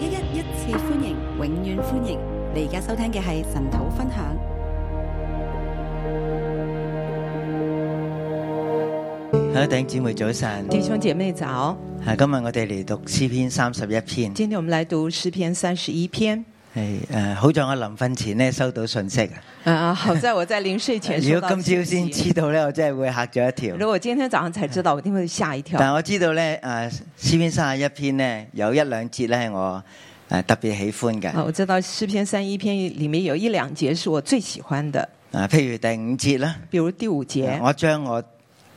一一一次歡迎，永遠歡迎。你而家收聽嘅係神土分享。好，弟兄姊妹早晨，弟兄姐妹早。係今日我哋嚟讀詩篇三十一篇。今天我們來讀詩篇三十一篇。係誒，啊、好在我臨瞓前咧收到信息啊！啊，好在我在臨睡前，如果今朝先知道咧，我真係會吓咗一跳。如果我今天早上才知道，我一定會吓一跳。但我知道咧，誒、啊，詩篇三十一篇咧有一兩節咧，我、啊、誒特別喜歡嘅，啊。我知道詩篇三一篇裏面有一兩節是我最喜歡嘅，啊，譬如第五節啦。譬如第五節，啊，我將我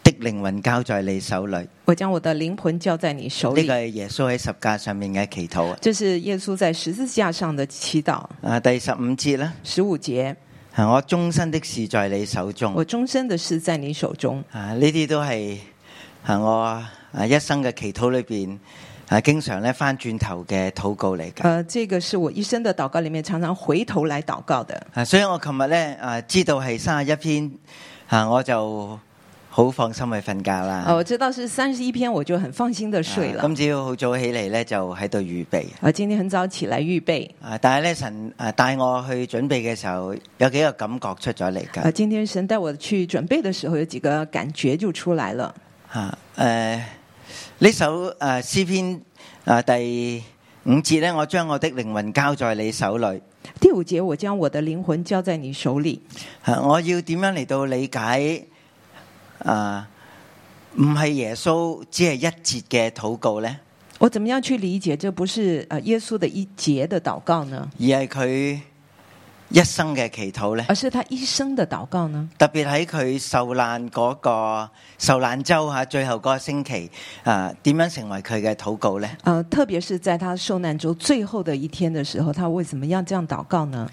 的靈魂交在你手裏。我將我的靈魂交在你手裏。呢個係耶穌喺十架上面嘅祈禱。這是耶穌在十字架上嘅祈禱。啊，第十五節啦。十五節。係我終身的事在你手中。我終身的事在你手中。啊，呢啲都係，係我啊一生嘅祈禱裏邊啊，經常咧翻轉頭嘅禱告嚟嘅。呃、啊，這個是我一生嘅禱告裏面常常回頭來禱告嘅。啊，所以我琴日咧啊，知道係三十一篇啊，我就。好放心去瞓覺啦！我知道是三十一篇，我就很放心的睡啦。今朝好早起嚟，呢，就喺度預備。我、啊、今天很早起來預備。啊、但係呢，神誒帶我去準備嘅時候，有幾個感覺出咗嚟噶。啊，今天神帶我去準備的時候，有幾個感覺就出來了。吓、啊、誒、呃、呢首誒詩篇、啊、第五節呢，我將我的靈魂交在你手裏。第五節，我將我的靈魂交在你手裏。啊、我要點樣嚟到理解？啊，唔係耶穌只係一節嘅禱告呢？我怎麼樣去理解，這不是耶穌的一節的禱告呢？而係佢一生嘅祈禱呢？而是他一生的禱告呢？告呢，特別喺佢受難嗰，那個受難周吓，最後嗰個星期啊，點樣成為佢嘅禱告呢，啊？特別是在他受難周最後的一天的時候，他為什麼要這樣禱告呢？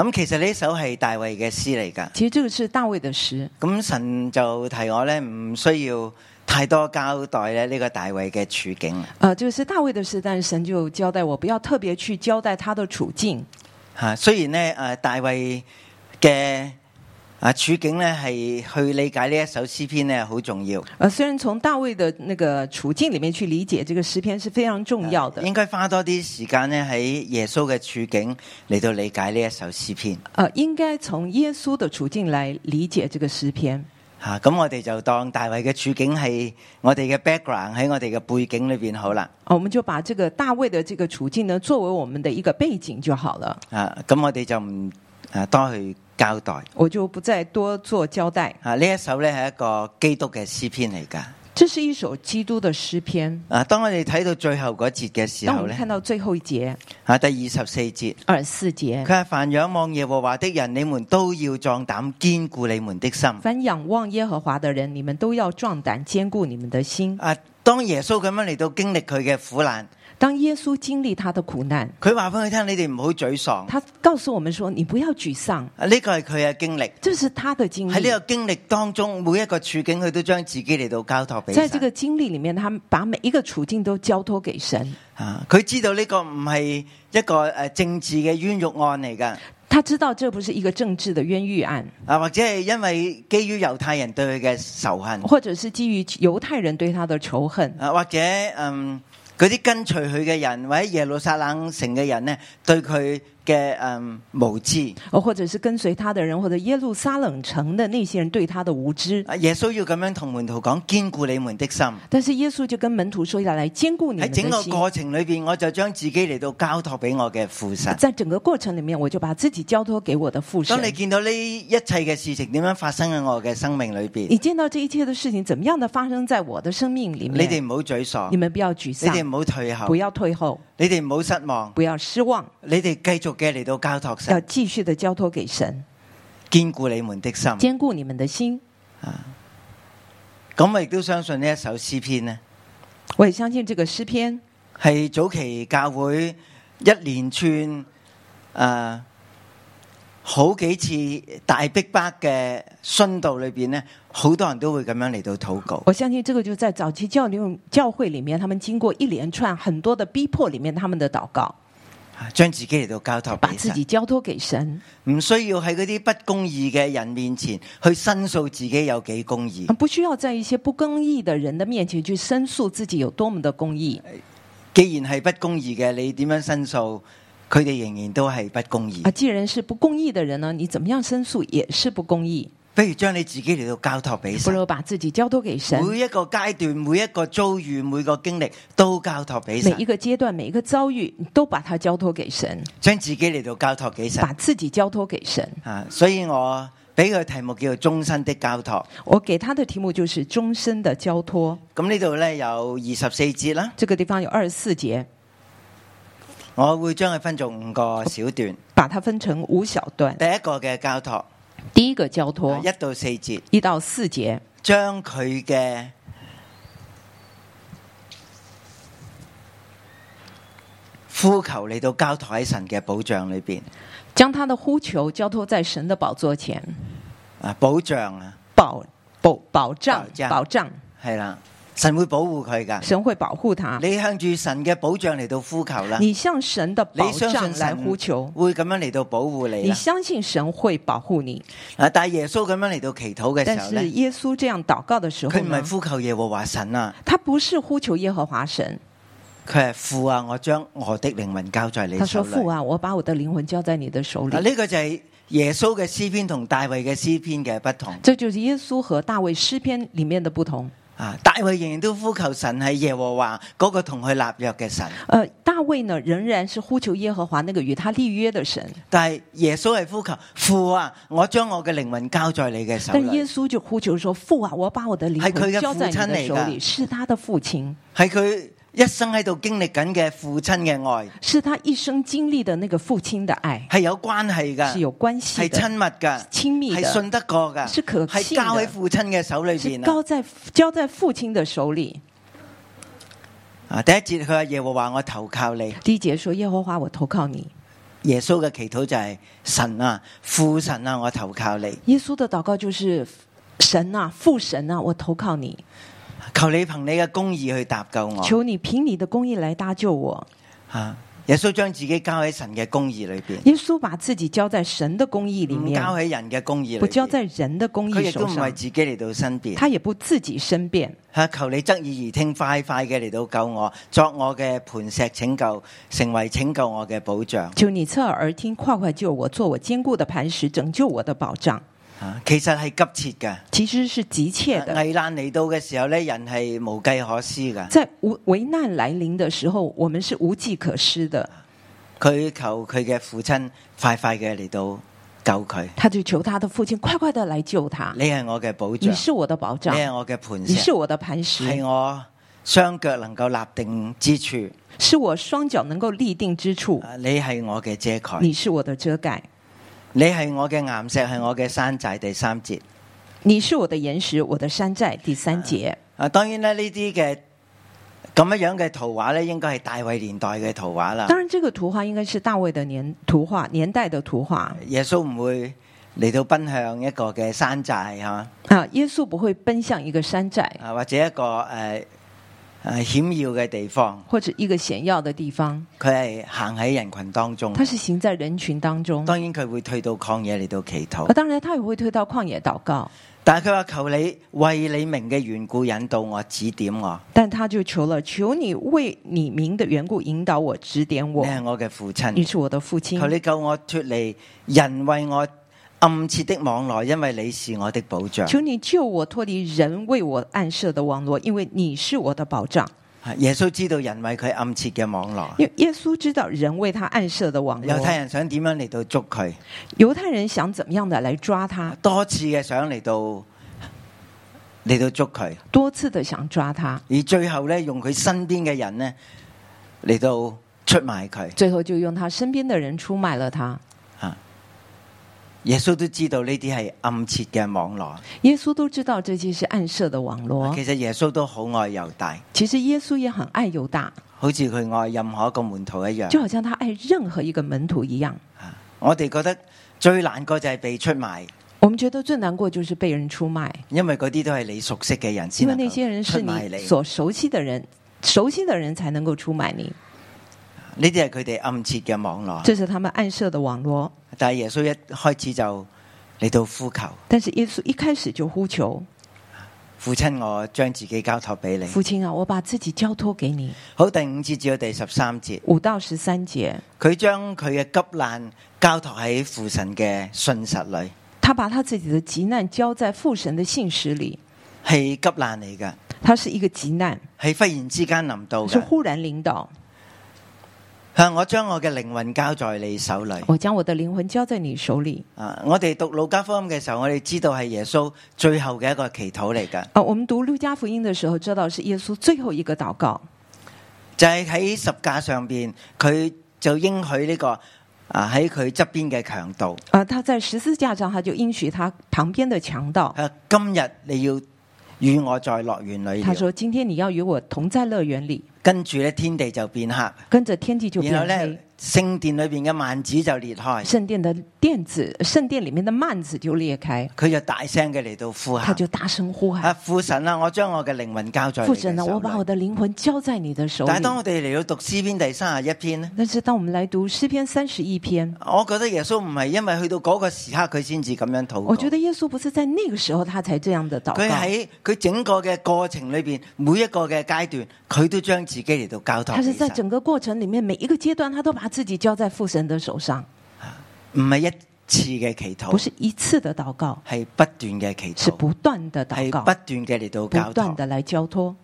咁其實呢首係大衛嘅詩嚟㗎，其實這個是大衛嘅詩。咁神就提我咧，唔需要太多交代咧，呢個大衛嘅處境。啊，就是大衛的詩，但是神就交代我，不要特別去交代他的處境。吓，雖然呢，誒，大衛嘅。啊，處境呢係去理解呢一首詩篇呢，好重要。啊，雖然從大衛的那個處境裏面去理解這個詩篇是非常重要的。啊，應該花多啲時間呢喺耶穌嘅處境嚟到理解呢一首詩篇。啊，應該從耶穌的處境來理解這個詩篇。吓、啊，咁我哋就當大衛嘅處境係我哋嘅 background 喺我哋嘅背景裏邊好啦。我們就把這個大衛的這個處境呢，作為我們的一個背景就好了。啊，咁、嗯、我哋就唔。多去交代，我就不再多做交代。啊，呢一首咧係一個基督嘅詩篇嚟噶。這是一首基督嘅詩篇。啊，當我哋睇到最後嗰節嘅時候咧，看到最後一節，啊，第二十四節，二十四節，佢係凡仰望耶和華的人，你們都要壯膽，堅固你們的心。凡仰望耶和華的人，你們都要壯膽，堅固你們的心。啊，當耶穌咁樣嚟到經歷佢嘅苦難。當耶穌經歷他的苦難，佢話俾佢聽，你哋唔好沮喪。他告訴我們說，你不要沮喪。呢個係佢嘅經歷，這是他的經歷。喺呢個經歷當中，每一個處境佢都將自己嚟到交託俾。在這個經歷裏面，他把每一個處境都交託給神。啊，佢知道呢個唔係一個誒政治嘅冤獄案嚟噶，他知道這不是一個政治的冤獄案。啊，或者係因為基於猶太人對佢嘅仇恨，或者是基於猶太人對他的仇恨。啊，或者嗯。嗰啲跟隨佢嘅人，或者耶路撒冷城嘅人呢，對佢嘅嗯無知，或者是跟隨他的人，或者耶路撒冷城的那些人對他的無知。耶穌要咁樣同門徒講，堅固你們的心。但是耶穌就跟門徒說下來，堅固你。喺整個過程裏邊，我就將自己嚟到交託俾我嘅父神。在整個過程裏面，我就把自己交託給我的父神。當你見到呢一切嘅事情點樣發生喺我嘅生命裏邊，你見到這一切嘅事情，怎麼樣的發生在我的生命裏面？你哋唔好沮喪，你們不要沮喪，你哋唔好退後，不要退後，退後你哋唔好失望，不要失望，你哋繼續。嘅嚟到交託神，要繼續的交託給神，堅固你們的心，堅固你們的心啊！咁我亦都相信呢一首詩篇呢。我亦相信這個詩篇係早期教會一連串誒、啊、好幾次大逼迫嘅殉道裏邊呢，好多人都會咁樣嚟到禱告。我相信這個就是在早期教教會裏面，他們經過一連串很多的逼迫裏面，他們的禱告。將自己嚟到交託，把自己交託給神，唔需要喺嗰啲不公義嘅人面前去申訴自己有幾公義。不需要在一些不公義的人的面前去申訴自己有多麼的公義。既然係不公義嘅，你點樣申訴，佢哋仍然都係不公義。啊，既然是不公義的人呢，你怎麼樣申訴也是不公義。不如將你自己嚟到交託俾神。把自己交託給神。每一個階段，每一個遭遇，每個經歷都交託俾神。每一個階段，每一個遭遇，都把它交託給神。將自己嚟到交託俾神。把自己交託給神。啊，所以我俾佢嘅題目叫做《終身的交託》。我給他的題目就是《終身的交託》。咁呢度呢，有二十四節啦。這個地方有二十四節。我會將佢分做五個小段。把它分成五小段。第一個嘅交託。第一個交託一到四節，一到四節將佢嘅呼求嚟到交託喺神嘅保障裏邊，將他的呼求交託在神嘅寶座前。啊，保障啊，保保保障保障係啦。障神會保護佢㗎，神會保護他。你向住神嘅保障嚟到呼求啦。你向神的保障嚟呼求，會咁樣嚟到保護你。你相信神會保護你。啊，但係耶穌咁樣嚟到祈禱嘅時候咧，是耶穌這樣禱告的時候，佢唔係呼求耶和華神啊，他不是呼求耶和華神，佢係父啊，我將我的靈魂交在你。他說父啊，我把我的靈魂交在你的手裏。呢個就係耶穌嘅詩篇同大衛嘅詩篇嘅不同。這就是耶穌和大衛詩篇裏面的不同。啊！大衛仍然都呼求神係耶和華嗰、那個同佢立約嘅神。誒、呃，大衛呢仍然是呼求耶和華那個與他立約的神。但係耶穌係呼求父啊，我將我嘅靈魂交在你嘅手裏。但耶穌就呼求說：父啊，我把我的靈魂交在你的手裏，是他的父親。係佢。一生喺度經歷緊嘅父親嘅愛，是他一生經歷的那個父親的愛，係有關係嘅，係有關係，係親密嘅，是親密的，係信得過嘅，係交喺父親嘅手裏邊，交在交在父親嘅手,手裏。啊，第一節佢阿耶和華我投靠你，第一節說耶和華我投靠你，耶穌嘅祈禱就係神啊父神啊我投靠你，耶穌嘅禱告就是神啊父神啊我投靠你。求你憑你嘅公義去搭救我。求你憑你的公義來搭救我。啊！耶穌將自己交喺神嘅公義裏邊。耶穌把自己交在神的公義裏面，交喺人嘅公義，不交在人的公義裏面。佢亦都唔係自己嚟到身邊，他也不自己身邊。啊！求你側耳而聽，快快嘅嚟到救我，作我嘅磐石拯救，成為拯救我嘅保障。求你側耳而聽，快快救我，做我堅固的磐石，拯救我的保障。其實係急切嘅，其實是急切嘅危、啊、難嚟到嘅時候呢，人係無計可施㗎。在危危難來臨的時候，我們是無計可施的。佢求佢嘅父親快快嘅嚟到救佢。他就求他的父親快快的來救他。你係我嘅保障，你是我的保障。你係我嘅磐石，你是我的磐石。係我雙腳能夠立定之處，是我雙腳能夠立定之處。你係我嘅遮蓋，你是我的遮蓋。你係我嘅岩石，係我嘅山寨，第三節。你是我的岩石，我的山寨，第三節。啊，當然咧，呢啲嘅咁樣樣嘅圖畫咧，應該係大衛年代嘅圖畫啦。當然，這個圖畫應該是大衛的年圖畫年代的圖畫。耶穌唔會嚟到奔向一個嘅山寨吓。啊，啊，耶穌不會奔向一個山寨。啊，或者一個誒。呃誒，險要嘅地方，或者一個險要嘅地方，佢係行喺人群當中，它是行在人群當中。當然佢會退到曠野嚟到祈禱，當然他也會退到曠野禱告。但係佢話，求你為你名嘅緣故引導我指點我，但他就求了，求你為你名嘅緣故引導我指點我。你係我嘅父親，你是我的父親，於是我的父親求你救我脫離，人為我。暗設的網絡，因為你是我的保障。求你救我脱離人為我暗設的網絡，因為你是我的保障。耶穌知道人為佢暗設嘅網絡。耶穌知道人為他暗設的網絡。猶太人想點樣嚟到捉佢？猶太人想怎麼樣的來抓他？人抓他多次嘅想嚟到嚟到捉佢，來抓他多次的想抓他。而最後呢，用佢身邊嘅人呢嚟到出賣佢。最後就用他身邊的人出賣了他。耶穌都知道呢啲係暗設嘅網絡，耶穌都知道呢啲是暗設的網絡。網絡其實耶穌都好愛猶大，其實耶穌也很愛猶大，好似佢愛任何一個門徒一樣。就好像他愛任何一個門徒一樣。我哋覺得最難過就係被出賣，我們覺得最難過就是被人出賣，因為嗰啲都係你熟悉嘅人，因為那些人是你所熟悉的人，熟悉的人才能夠出賣你。呢啲係佢哋暗設嘅網絡，即係他們暗設嘅網絡。但係耶穌一開始就嚟到呼求，但是耶穌一開始就呼求，父親我將自己交託俾你，父親啊，我把自己交託給你。好，第五節至到第十三節，五到十三節，佢將佢嘅急難交託喺父神嘅信實裏。他把他自己嘅急難交在父神嘅信實裏，係急難嚟噶，他是一個急難，係忽然之間臨到，是忽然領導。我將我嘅靈魂交在你手裏。我將我的靈魂交在你手裏。啊，我哋讀路加福音嘅時候，我哋知道係耶穌最後嘅一個祈禱嚟嘅。啊，我們讀路加福、啊、福音的時候，知道是耶穌最後一個禱告。就係喺十架上面就、這個啊、在邊，佢就應許呢個啊喺佢側邊嘅強盜。啊，他在十字架上，他就應許他旁邊的強盜。啊，今日你要與我在樂園裏。他說：今天你要與我同在樂園裏。跟住咧，天地就變黑。跟着天地就變黑。聖殿裏面嘅幔子就裂開，聖殿的電子，聖殿裏面的幔子就裂開，佢就大聲嘅嚟到呼喊，他就大聲呼喊，啊，父神啊，我將我嘅靈魂交在你，父神啊，我把我的靈魂交在你的手裏。但係當我哋嚟到讀詩篇第三十一篇呢，但是當我們嚟讀詩篇三十一篇，我,篇篇我覺得耶穌唔係因為去到嗰個時刻佢先至咁樣禱告，我覺得耶穌不是在那個時候他才這樣的禱告，佢喺佢整個嘅過程裏邊每一個嘅階段，佢都將自己嚟到交代。是在整個過程裏面每一個階段，他都把。自己交在父神的手上，唔係一次嘅祈禱，不是一次的禱告，係不斷嘅祈禱，不是，祈禱是不斷的禱告，不斷嘅嚟禱告，不斷嘅嚟交託。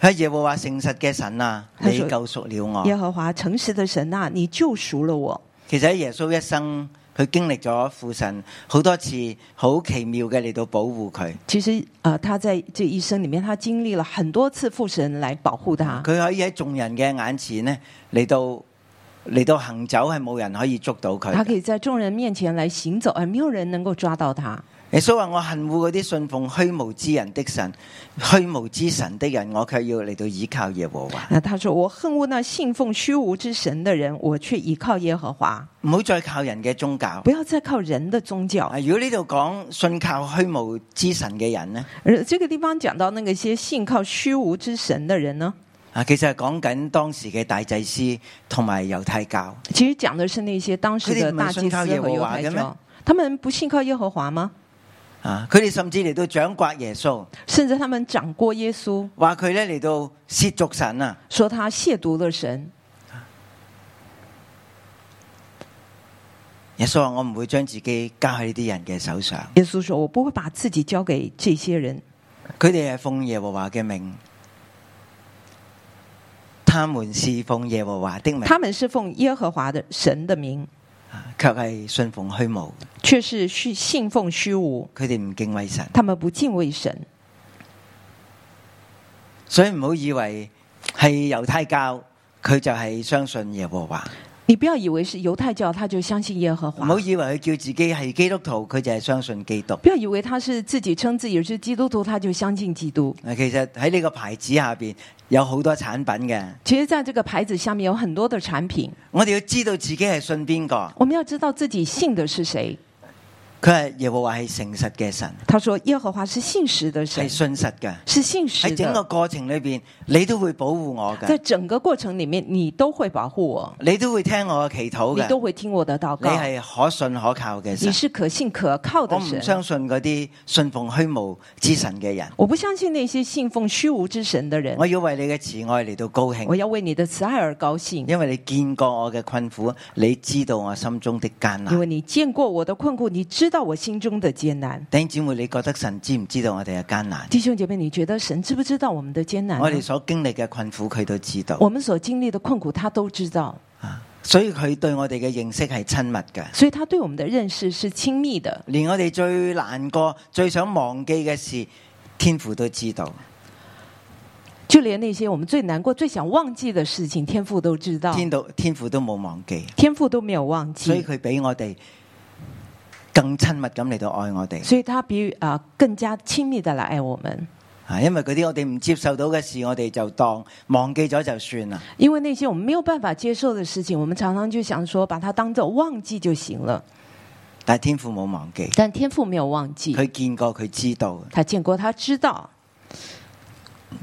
喺說耶和華誠實嘅神啊，你救贖了我；耶和華誠實嘅神啊，你救贖了我。其實喺耶穌一生。佢經歷咗父神好多次，好奇妙嘅，嚟到保護佢。其實啊、呃，他在這一生裏面，他經歷了很多次父神來保護他。佢可以喺眾人嘅眼前咧嚟到嚟到行走，係冇人可以捉到佢。佢可以在眾人面前嚟行走，係冇人能夠抓到他。耶穌話：我恨惡嗰啲信奉虛無之人的神，虛無之神的人，我卻要嚟到依靠耶和華。那他說：我恨惡那信奉虛無之神的人，我卻依靠耶和華。唔好再靠人嘅宗教，不要再靠人的宗教。如果呢度講信靠虛無之神嘅人呢？而這個地方講到那個一些信靠虛無之神的人呢？啊，其實係講緊當時嘅大祭司同埋猶太教。其實講的是那些當時的大祭司和猶太教，他們，太教他們不信靠耶和華嗎？啊！佢哋甚至嚟到掌摑耶穌，甚至他們掌摑耶穌，話佢咧嚟到褻瀆神啊，說他褻瀆了神。耶穌話：我唔會將自己交喺呢啲人嘅手上。耶穌說我不會把自己交給這些人。佢哋係奉耶和華嘅名，他們是奉耶和華的名，他們是奉耶和華的神的名。卻係信奉虛無，卻是信信奉虛無。佢哋唔敬畏神，他們不敬畏神，所以唔好以為係猶太教，佢就係相信耶和華。你不要以為是猶太教，他就相信耶和華。唔好以為佢叫自己係基督徒，佢就係相信基督。不要以為他是自己稱自己是基督徒，他就相信基督。其實喺呢個牌子下邊有好多產品嘅。其實，在這個牌子下面有很多的產品的。我哋要知道自己係信邊個。我們要知道自己信的是誰。佢係耶和華係誠實嘅神，他說耶和華是信實嘅神，係信實嘅，是信實。喺整個過程裏邊，你都會保護我嘅。在整個過程裏面，你都會保護我，你都會聽我嘅祈禱，你都會聽我嘅禱告，你係可信可靠嘅神，你是可信可靠嘅神。我唔相信嗰啲信奉虛無之神嘅人，我不相信那些信奉虛無之神嘅人。我要為你嘅慈愛嚟到高興，我要為你嘅慈愛而高興，因為你見過我嘅困苦，你知道我心中的艱難。因為你見過我嘅困苦，你知。到我心中的艱難，弟兄姊妹，你覺得神知唔知道我哋嘅艱難？弟兄姐妹，你覺得神知不知道我們的艱難？我哋所經歷嘅困苦，佢都知道。我們所經歷的困苦，他都知道。所以佢對我哋嘅認識係親密嘅。所以他對我們的認識是親密的。我的密的連我哋最難過、最想忘記嘅事，天父都知道。就連那些我們最難過、最想忘記的事情，天父都知道。天道天父都冇忘記，天父都沒有忘記。忘記所以佢俾我哋。更親密咁嚟到愛我哋，所以他比啊更加親密的嚟愛我們。啊，因為嗰啲我哋唔接受到嘅事，我哋就當忘記咗就算啦。因為那些我們沒有辦法接受的事情，我們常常就想說，把它當做忘記就行了。但天父冇忘記，但天父沒有忘記，佢見過佢知道，他見過他知道，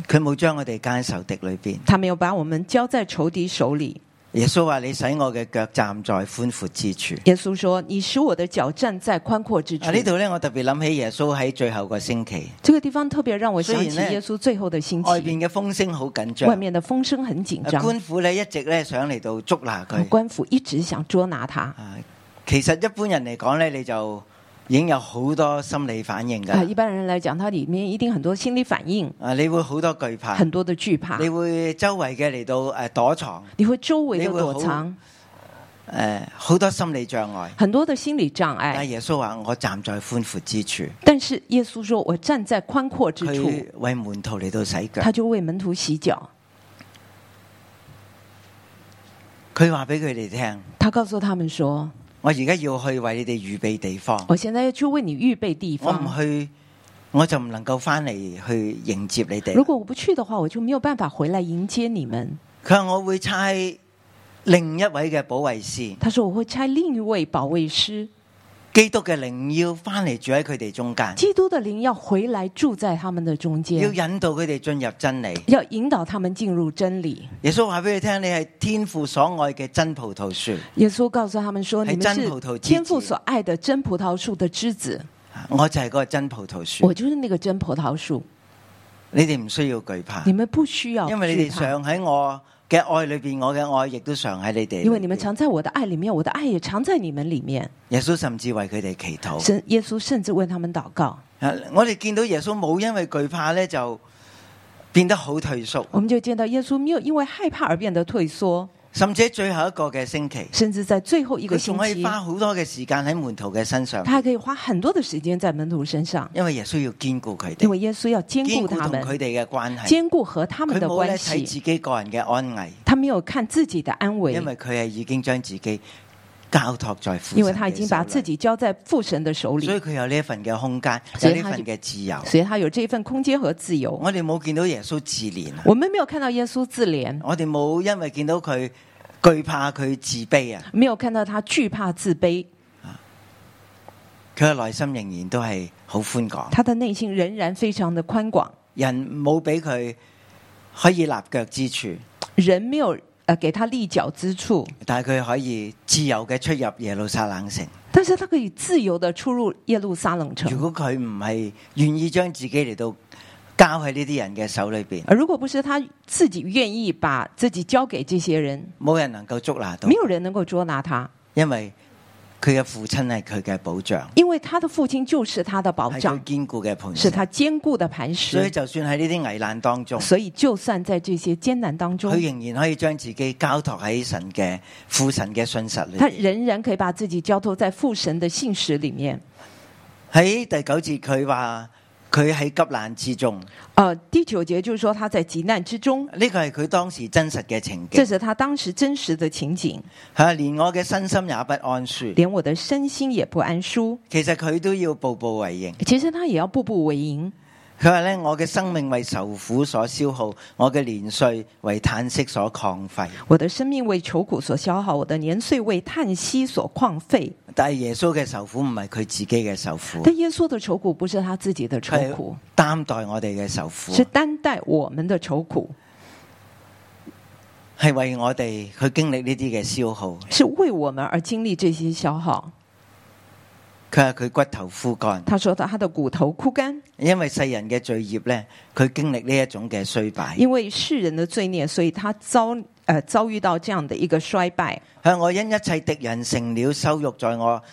佢冇將我哋加喺仇敵裏邊，他沒有把我們交在仇敵手裏。耶穌話：你使我嘅腳站在寬闊之處。耶穌說：你使我的腳站在寬闊之處。啊、呢度咧，我特別諗起耶穌喺最後個星期。這個地方特別讓我想起耶穌最後的星期。外面嘅風聲好緊張。外面的風聲很緊張。官府咧一直咧想嚟到捉拿佢。官府一直想捉拿他、啊。其實一般人嚟講咧，你就。已經有好多心理反應噶。一般人來講，他裏面一定很多心理反應。啊，你會好多懼怕。很多的懼怕。你會周圍嘅嚟到誒躲藏。你會周圍躲藏。誒、呃，好多心理障礙。很多的心理障礙。但耶穌話：我站在寬闊之處。但是耶穌說我站在寬闊之處。為門徒嚟到洗腳。他就為門徒洗腳。佢話俾佢哋聽。他告訴他們說。我而家要去為你哋預備地方。我現在要去為你預備地方。我唔去，我就唔能夠翻嚟去迎接你哋。如果我不去的話，我就沒有辦法回來迎接你們。佢話我會差另一位嘅保惠師。他說我會差另一位保惠師。基督嘅靈要翻嚟住喺佢哋中間。基督嘅靈要回來住在他們的中間。要引導佢哋進入真理。要引導他們進入真理。真理。耶穌話俾佢聽，你係天父所愛嘅真葡萄樹。耶穌告訴他們說，你真們是天父所愛嘅真葡萄樹的枝子。我就係嗰個真葡萄樹。我就是那個真葡萄樹。你哋唔需要懼怕。你們不需要，因為你哋想喺我。嘅愛裏邊，我嘅愛亦都常喺你哋。因為你們藏在我的愛裏面，我的愛也藏在你們裏面。耶穌甚至為佢哋祈禱。耶穌甚至為他們禱告。我哋見到耶穌冇因為懼怕咧就變得好退縮。我們就見到耶穌沒有因為害怕而變得退縮。甚至最後一個嘅星期，甚至在最後一個星期，佢仲可以花好多嘅時間喺門徒嘅身上。他可以花很多的時間在門徒身上，因為耶穌要兼顧佢哋，因為耶穌要兼顧佢哋嘅關係，兼顧和他們的關係。自己個人嘅安危，他沒有看自己的安危，因為佢係已經將自己。交託在父神，因為他已經把自己交在父神的手裏，所以佢有呢一份嘅空間，有呢份嘅自由，所以佢有呢份空間和自由。我哋冇見到耶穌自憐，我們沒有看到耶穌自憐，我哋冇因為見到佢懼怕佢自卑啊，沒有看到他懼怕自卑啊，佢嘅內心仍然都係好寬廣，他的內心仍然非常的寬廣，人冇俾佢可以立腳之處，人沒有。誒，給他立腳之處，但係佢可以自由嘅出入耶路撒冷城。但是，他可以自由的出入耶路撒冷城。如果佢唔係願意將自己嚟到交喺呢啲人嘅手裏面，而，如果不是他自己願意把自己交給這些人，冇人能夠捉拿到，沒有人能夠捉拿他，因為。佢嘅父親係佢嘅保障，因為他的父親就是他的保障，係佢堅固嘅磐石，係佢堅固的磐石。所以就算喺呢啲危難當中，所以就算在這些艱難當中，佢仍然可以將自己交託喺神嘅父神嘅信實裏面，他仍然可以把自己交託在父神的信實裏面。喺第九節佢話。佢喺急難之中。啊，第九節就是說他在急難之中。呢個係佢當時真實嘅情景。這是他當時真實的情景。吓，連我嘅身心也不安舒。連我的身心也不安舒。其實佢都要步步為營。其實他也要步步為營。佢話咧：我嘅生，生命為愁苦所消耗，我嘅年歲為嘆息所曠廢。我嘅生命為愁苦所消耗，我嘅年歲為嘆息所曠廢。但係耶穌嘅愁苦唔係佢自己嘅愁苦。但耶穌嘅愁苦不是他自己嘅愁苦，擔待我哋嘅愁苦，是擔待我們嘅愁苦，係為我哋去經歷呢啲嘅消耗，是為我們而經歷這些消耗。佢係佢骨頭枯乾。他說到他的骨頭枯乾，因為世人嘅罪孽呢，佢經歷呢一種嘅衰敗。因為世人嘅罪孽，所以他遭誒、呃、遭遇到這樣的一個衰敗。向我因一切敵人成了羞辱在我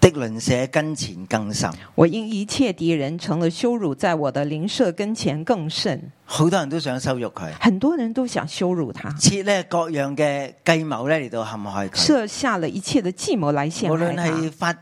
的鄰舍跟前更甚。我因一切敵人成了羞辱在我的鄰舍跟前更甚。好多人都想羞辱佢，很多人都想羞辱他，設呢各樣嘅計謀呢，嚟到陷害佢，設下了一切的計謀來陷害。無論係發。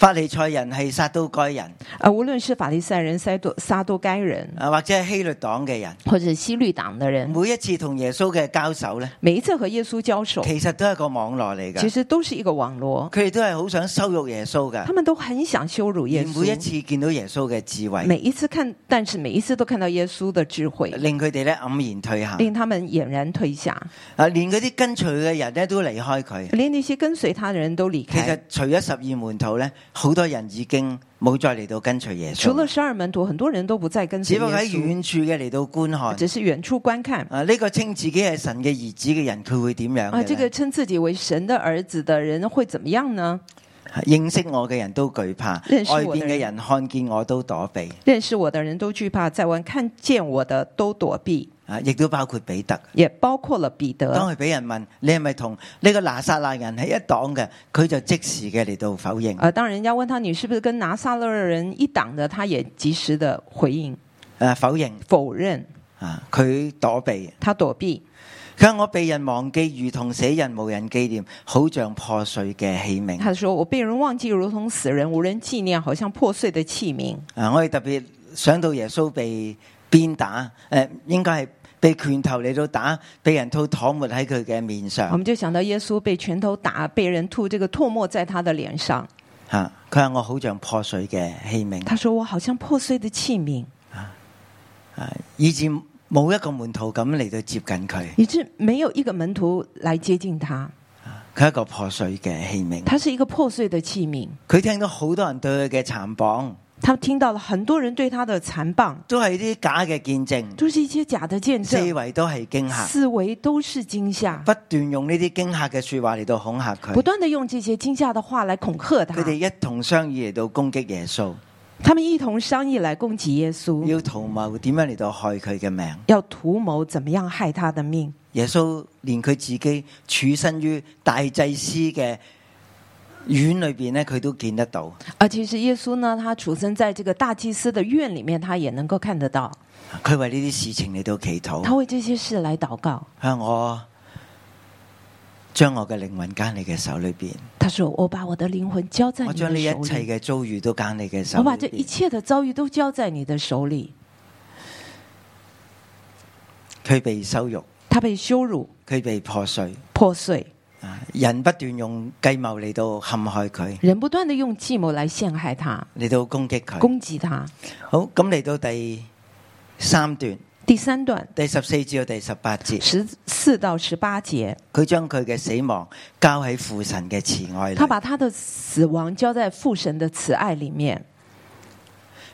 法利賽人係撒都該人，啊，無論是法利賽人、撒都撒都該人，啊，或者是希律黨嘅人，或者希律黨嘅人，每一次同耶穌嘅交手咧，每一次和耶穌交手，其實都係個網絡嚟嘅。其實都是一個網絡，佢哋都係好想羞辱耶穌嘅，他們都很想羞辱耶穌，每一次見到耶穌嘅智慧，每一次看，但是每一次都看到耶穌嘅智慧，令佢哋咧黯然退下，令他們黯然退下，啊，連嗰啲跟隨嘅人咧都離開佢，連那些跟隨他，跟隨他的人都離開，其實除咗十二門徒咧。好多人已經冇再嚟到跟隨耶穌。除了十二門徒，很多人都不再跟隨耶穌。只不過喺遠處嘅嚟到觀看，只是遠處觀看。啊，呢個稱自己係神嘅兒子嘅人，佢會點樣？啊，這個稱自己為神的兒子的人會怎麼樣呢？認識我嘅人都懼怕，外邊嘅人看見我都躲避。認識我嘅人都懼怕，在外看見我嘅都躲避。亦都包括彼得，亦包括了彼得。當佢俾人問你係咪同呢個拿撒勒人係一黨嘅，佢就即時嘅嚟到否認。啊，當人家問他你是不是跟拿撒勒人一黨嘅，他也及時的回應，誒，否認，否認。啊，佢躲避，他躲避。佢話我被人忘記，如同死人無人紀念，好像破碎嘅器皿。他說我被人忘記，如同死人無人紀念，好像破碎的器皿。啊，我哋特別想到耶穌被鞭打，誒、呃，應該係。被拳頭嚟到打，被人吐唾沫喺佢嘅面上。我們就想到耶穌被拳頭打，被人吐這個唾沫在他的臉上。吓，佢話我好像破碎嘅器皿。他說我好像破碎的器皿。啊，以至冇一個門徒咁嚟到接近佢，以至沒有一個門徒嚟接近他。佢係一個破碎嘅器皿，他是一個破碎的器皿。佢、啊啊、聽到好多人對佢嘅殘謗。他聽到了很多人對他的殘棒，都係啲假嘅見證，都係一些假的見證，四圍都係驚吓，四圍都是驚吓，四都是驚吓不斷用呢啲驚吓嘅說話嚟到恐吓佢，不斷的用這些驚吓的話嚟恐吓他，佢哋一同商議嚟到攻擊耶穌，他們一同商議來攻擊耶穌，耶穌要圖謀點樣嚟到害佢嘅命，要圖謀怎麼樣害他的命，耶穌連佢自己處身於大祭司嘅。院裏邊呢，佢都見得到。而其實耶穌呢，他處身在這個大祭司的院裏面，他也能夠看得到。佢為呢啲事情你都祈禱。他為這些事來禱告。向我將我嘅靈魂交你嘅手裏邊。他說：，我把我的靈魂交在你的手裏。你我將呢一切嘅遭遇都交你嘅手。我把這一切嘅遭遇都交在你嘅手裏。佢被羞辱，他被羞辱，佢被破碎，破碎。人不斷用計謀嚟到陷害佢，人不斷地用計謀嚟陷害他，嚟到攻擊佢，攻擊他。好，咁嚟到第三段，第三段第十四至到第十八節，十四到十八節，佢將佢嘅死亡交喺父神嘅慈愛裏。他把他的死亡交在父神的慈愛裏面。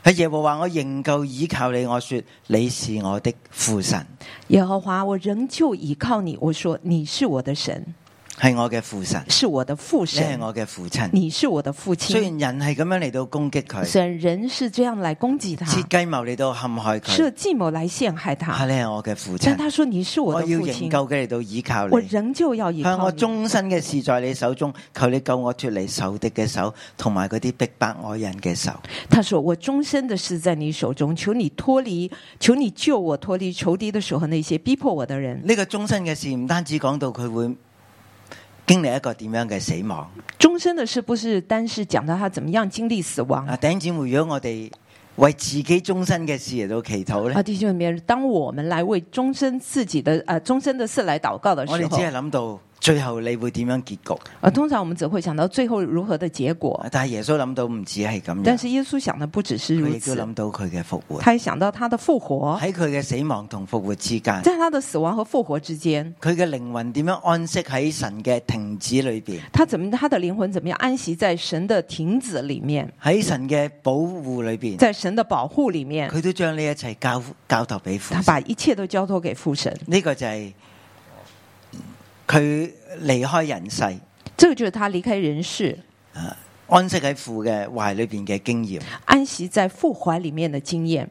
喺耶和華，我仍舊依靠你，我說，你是我的父神。耶和華，我仍舊依靠你，我說，你是我的神。係我嘅父神，是我的父神，係我嘅父親，你是我的父親。雖然人係咁樣嚟到攻擊佢，雖然人是這樣來攻擊他，設計謀嚟到陷害佢，設計謀來陷害他。你係我嘅父親，但他說你是我的父親，我要仍舊嘅嚟到依靠你，我仍舊要依靠你。我終身嘅事在你手中，求你救我脫離仇敵嘅手，同埋嗰啲逼迫我人嘅手。他說我終身嘅事在你手中，求你脫離，求你救我脫離仇敵嘅手和那些逼迫我的人。呢個終身嘅事唔單止講到佢會。經歷一個點樣嘅死亡？終身的事不是單是講到他怎麼樣經歷死亡。弟兄姊妹，如果我哋為自己終身的事嚟到祈禱呢啊，弟兄當我們來為終身自己的啊終身的事來禱告的時候，我們只是想到。最後你會點樣結局？啊，通常我們只會想到最後如何的結果。但係耶穌諗到唔止係咁樣。但是耶穌想，想的不只是如此。佢亦都諗到佢嘅復活。佢想到他的復活。喺佢嘅死亡同復活之間。在他的死亡和復活之間，佢嘅靈魂點樣安息喺神嘅亭子裏邊？他怎麼？他的靈魂怎麼樣安息在神的亭子裏面？喺神嘅保護裏邊。在神的保護裏面，佢都將呢一切交交托俾父。他把一切都交托給父神。呢個就係、是。佢離開人世，這個就是他離開人世，安息喺父嘅懷裏邊嘅經驗，安息在父懷裏面嘅經驗。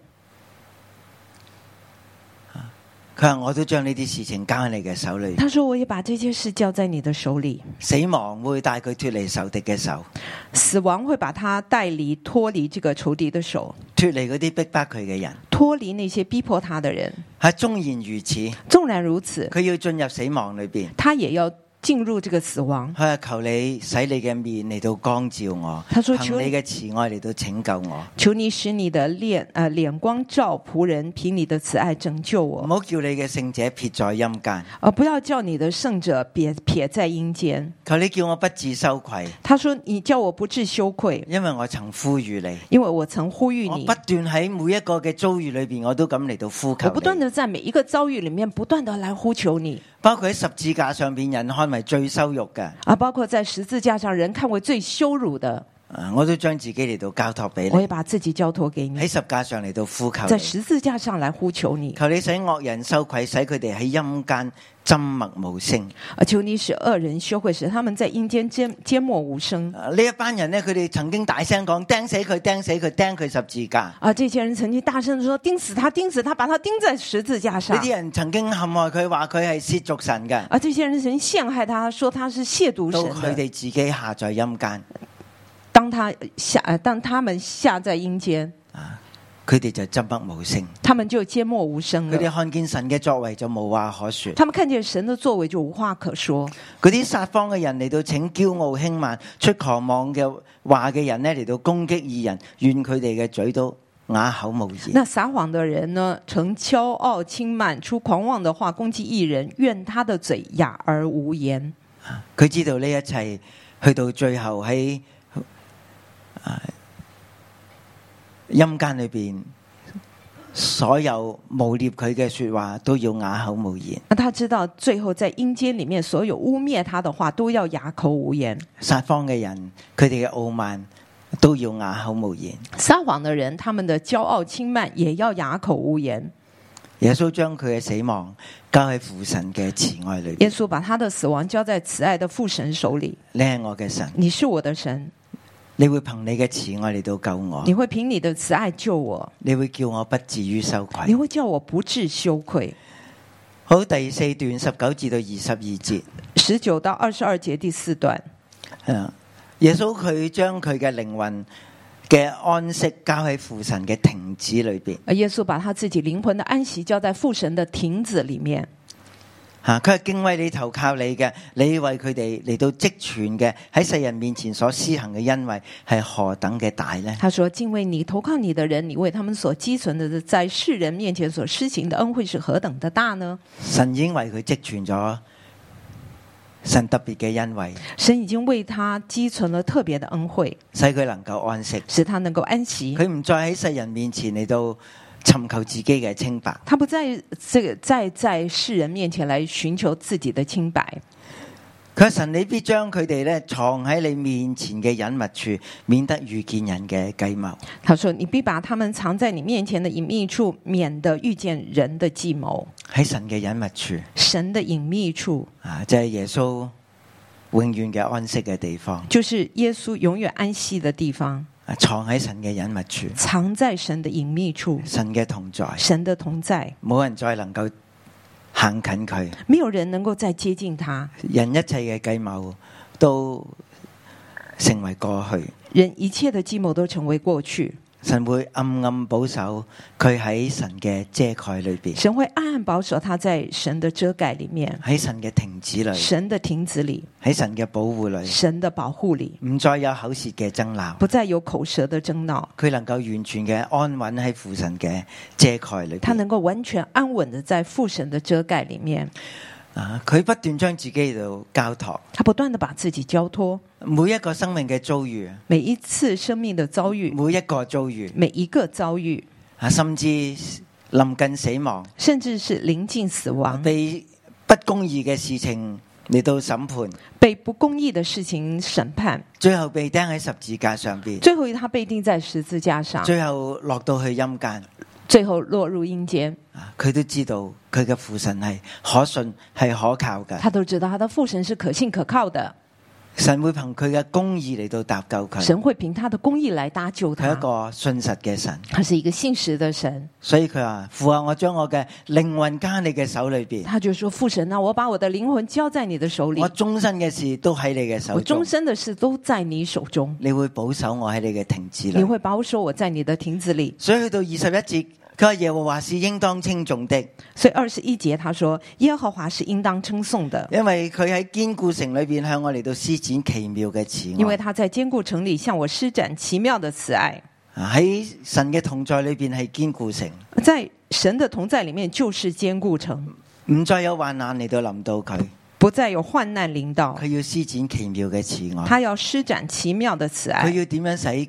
佢話我都將呢啲事情交喺你嘅手裏。他說我也把這件事交在你的手裏。死亡會帶佢脫離仇敵嘅手，死亡會把他帶離脫離這個仇敵嘅手，脫離嗰啲逼迫佢嘅人，脫離那些逼迫他嘅人。係縱然如此，縱然如此，佢要進入死亡裏邊，他也要。進入這個死亡。佢話求你使你嘅面嚟到光照我，求你嘅慈愛嚟到拯救我。求你使你的臉啊、呃、臉光照僕人，憑你的慈愛拯救我。唔好叫你嘅聖者撇在陰間。啊，不要叫你的聖者撇撇在陰間。求你叫我不自羞愧。他說你叫我不自羞愧，因為我曾呼籲你，因為我曾呼籲你，不斷喺每一個嘅遭遇裏邊，我都咁嚟到呼求你。我不斷的在每一個遭遇裏面，不斷的來呼求你。包括喺十字架上邊人看為最羞辱嘅，啊！包括在十字架上人看為最羞辱的。啊！我都將自己嚟到交託俾你，我會把自己交託給你。喺十架上嚟到呼求你，在十字架上嚟呼求你，求你使惡人羞愧，使佢哋喺陰間緘默無聲。啊！求你使惡人羞愧，使他們在陰間緘緘默無聲。呢、啊啊、一班人呢，佢哋曾經大聲講釘死佢，釘死佢，釘佢十字架。啊！這些人曾經大聲說釘死他，釘死他，把他釘在十字架上。呢啲人曾經陷害佢，話佢係褻瀆神嘅。啊！這些人曾經陷害他，說他是褻瀆神。佢哋自己下在陰間。當他下，當他們下在陰間，佢哋就沉默無聲；他們就緘默無聲。佢哋看見神嘅作為就無話可說。他們看見神的作為就無話可說。啲撒謊嘅人嚟到，請驕傲輕慢、出狂妄嘅話嘅人咧嚟到攻擊義人，願佢哋嘅嘴都啞口無言。那撒謊嘅人呢，曾驕傲輕慢、出狂妄嘅話攻擊義人，願他的嘴啞而無言。佢、啊、知道呢一切去到最後喺。啊、陰間裏邊所有污衊佢嘅說話都要啞口無言。他知道最後在陰間裏面，所有污衊他的話都要啞口無言。撒謊嘅人，佢哋嘅傲慢都要啞口無言。撒謊的人，他們的驕傲輕慢也要啞口無言。耶穌將佢嘅死亡交喺父神嘅慈愛裏面。耶穌把他的死亡交在慈愛的父神手裏。你係我嘅神，你是我的神。你會憑你嘅慈愛嚟到救我，你會憑你嘅慈愛救我，你會叫我不至於羞愧，你會叫我不至羞愧。好，第四段十九至到二十二節，十九到二十二節第四段。啊，耶穌佢將佢嘅靈魂嘅安息交喺父神嘅亭子裏邊。啊，耶穌把他自己靈魂嘅安息交在父神嘅亭子裏面。佢係敬畏你投靠你嘅，你為佢哋嚟到積存嘅喺世人面前所施行嘅恩惠係何等嘅大呢？他說敬畏你投靠你嘅人，你為他們所積存嘅，在世人面前所施行嘅恩，恩惠是何等的大呢？神已經為佢積存咗，神特別嘅恩惠。神已經為他積存了特別的恩惠，使佢能夠安息，使他能夠安息。佢唔再喺世人面前嚟到尋求自己嘅清白，他不再這個再在世人面前來尋求自己的清白。佢神，你必將佢哋咧藏喺你面前嘅隱密處，免得遇見人嘅計謀。他說：你必把他們藏在你面前的隱祕處，免得遇見人的計謀。喺神嘅隱密處，的在神的隱祕處啊，處就係耶穌永遠嘅安息嘅地方，就是耶穌永遠安息嘅地方。藏喺神嘅隱密處，藏在神嘅隱秘處，神嘅同在，神嘅同在，冇人再能夠行近佢，沒有人能夠再接近他，人一切嘅計謀都成為過去，人一切嘅計謀都成為過去。神會暗暗保守佢喺神嘅遮蓋裏邊。神會暗暗保守他在神的遮蓋裏面，喺神嘅亭子裏面。神的亭子裏，喺神嘅保護裏。神的保護裏，唔再有口舌嘅爭鬧，不再有口舌的爭鬧。佢能夠完全嘅安穩喺父神嘅遮蓋裏。他能夠完全安穩的在父神的遮蓋裏面。佢不斷將自己就交託，他不斷的把自己交託，每一個生命嘅遭遇，每一次生命的遭遇，每一個遭遇，每一個遭遇，甚至臨近死亡，甚至是臨近死亡，被不公義嘅事情嚟到審判，被不公義嘅事情審判，最後被釘喺十字架上邊，最後他被釘在十字架上，最後落到去陰間。最後落入陰間，啊，佢都知道佢嘅父神係可信係可靠嘅。佢都知道，他的父神是可信可靠嘅。神會憑佢嘅公義嚟到搭救佢。神會憑他的公義嚟搭救佢。係一個信實嘅神。佢係一個信實嘅神。神，所以佢話，父啊，我將我嘅靈魂加你嘅手裏邊。他就說，父神啊，我把我嘅靈魂交在你嘅手裏。我終身嘅事都喺你嘅手裏。我終身嘅事都在你手中。你會保守我喺你嘅亭子裏。你會保守我在你嘅亭子裏。子裏，所以去到二十一節。佢話耶和華是應當稱頌的，所以二十一節他說耶和華是應當稱頌的。因為佢喺堅固城裏邊向我嚟到施展奇妙嘅慈愛。因為他在堅固城裏向我施展奇妙的慈愛。喺神嘅同在裏邊係堅固城。在神嘅同在裏面就是堅固城。唔再有患難嚟到臨到佢。不再有患難臨到,到。佢要施展奇妙嘅慈愛。他要施展奇妙的慈愛。佢要點樣使？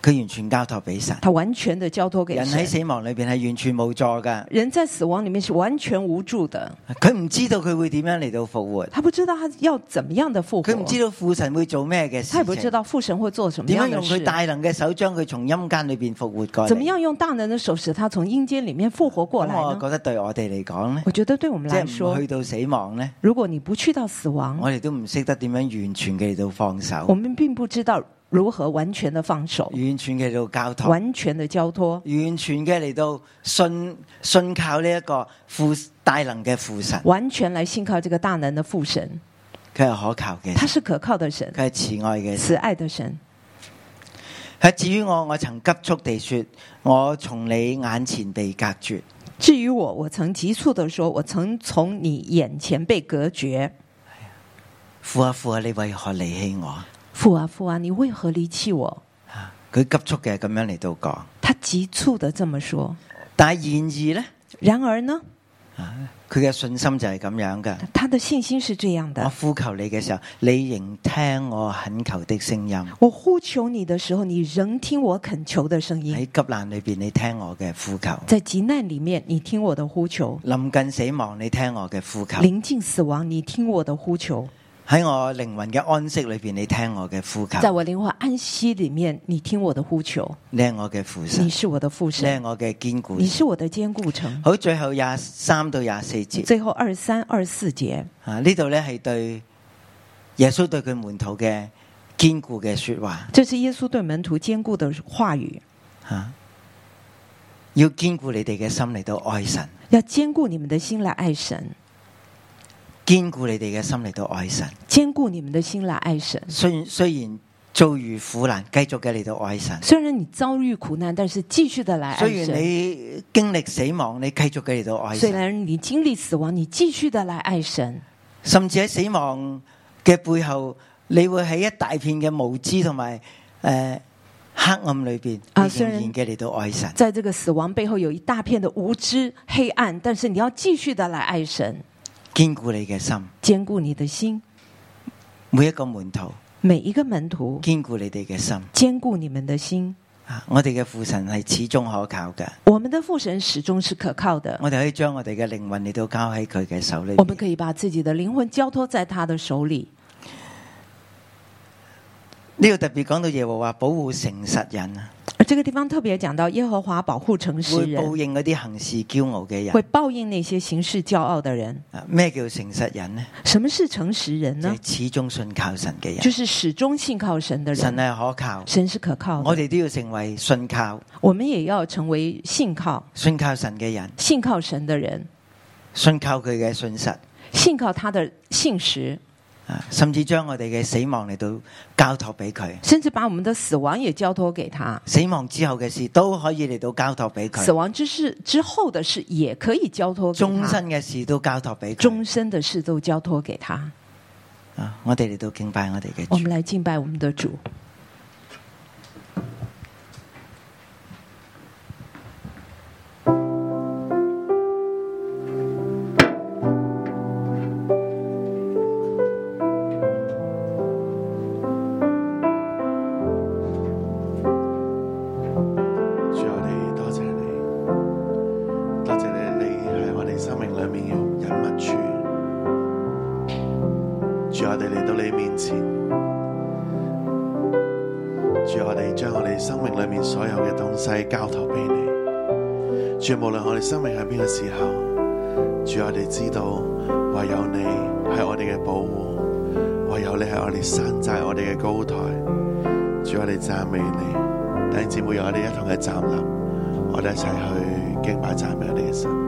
佢完全交託俾神，他完全嘅交託給神。人喺死亡裏邊係完全無助噶，人在死亡裏面是完全無助的。佢唔知道佢會點樣嚟到復活，他不知道他要怎麼樣的復活，佢唔知道父神會做咩嘅事，他佢不知道父神會做什麼。點樣用佢大能嘅手將佢從陰間裏邊復活過？怎麼樣用大能的手使他從陰間裏面復活過來？我覺得對我哋嚟講咧，我覺得對我們講嚟，去到死亡咧，如果你不去到死亡，我哋都唔識得點樣完全嘅嚟到放手。我們並不知道。如何完全的放手？完全嘅做交託，完全的交託，完全嘅嚟到信信靠呢一個父大能嘅父神，完全嚟信靠這個大能嘅父神，佢係可靠嘅，他是可靠的神，佢係慈愛嘅，慈愛的神。喺至於我，我曾急促地說，我從你眼前被隔絕。至於我，我曾急促地說，我曾從你眼前被隔絕。父、哎、啊父啊，你為何離棄我？父啊父啊，你為何離棄我？佢急促嘅咁樣嚟到講，他急促的這，這麼說。但係然而呢，然而呢？佢嘅信心就係咁樣嘅，他的信心是這樣的。我呼求你嘅時候，你仍聽我懇求的聲音。我呼求你嘅時候，你仍聽我懇求嘅聲音。喺急難裏邊，你聽我嘅呼求。在急難裏面，你聽我嘅呼求。臨近死亡，你聽我嘅呼求。臨近死亡，你聽我嘅呼求。喺我靈魂嘅安息裏邊，你聽我嘅呼吸；在我靈魂安息裏面，你聽我嘅呼，呼求。你係我嘅父神，你是我的父神。你係我嘅堅固，你是我的堅固城。好，最後廿三到廿四節。最後二三二四節。啊，這裡呢度咧係對耶穌對佢門徒嘅堅固嘅說話。這是耶穌對門徒堅固的話語。啊，要堅固你哋嘅心嚟到愛神。要堅固你們的心來愛神。堅固你哋嘅心嚟到愛神，堅固你們的心來愛神。雖雖然遭遇苦難，繼續嘅嚟到愛神雖。雖然你遭遇苦難，但是繼續的嚟愛神。雖然你經歷死亡，你繼續嘅嚟到愛神。雖然你經歷死亡，你繼續的嚟愛神。甚至喺死亡嘅背後，你會喺一大片嘅無知同埋誒黑暗裏邊，仍、啊、然嘅嚟到愛神。在這個死亡背後，有一大片嘅無知黑暗，但是你要繼續的嚟愛神。堅固你的心，堅固你的心。每一個門徒，每一個門徒，堅固你哋嘅心，堅固你們的心。啊，我哋嘅父神係始終可靠嘅，我們的父神始終是可靠的。我哋可以將我哋嘅靈魂，你都交喺佢嘅手裏。我哋可以把自己嘅靈魂交託在他的手裏。呢個特別講到耶和華保護誠實人啊！而這個地方特別講到耶和華保護誠實人，會報應嗰啲行事驕傲嘅人，會報應那些行事驕傲嘅人。咩叫誠實人呢？什麼是誠實人呢？始終信靠神嘅人，就是始終信靠神的人。神係可靠，神是可靠。我哋都要成為信靠，我們也要成為信靠，信靠神嘅人，信靠神嘅人，信靠佢嘅信實，信靠他的信實。甚至將我哋嘅死亡嚟到交託俾佢，甚至把我們的死亡也交託給他。死亡之後嘅事都可以嚟到交託俾佢。死亡之事之後嘅事也可以交託。終身嘅事都交託俾佢。終身嘅事都交託給他。啊，我哋嚟到敬拜我哋嘅，我們來敬拜我們的主嘅時候，主，我哋知道，唯有你係我哋嘅保護，唯有你係我哋山寨，我哋嘅高台，主，我哋讚美你。弟兄姊妹，我哋一同嘅站立，我哋一齊去敬拜讚美我哋嘅神。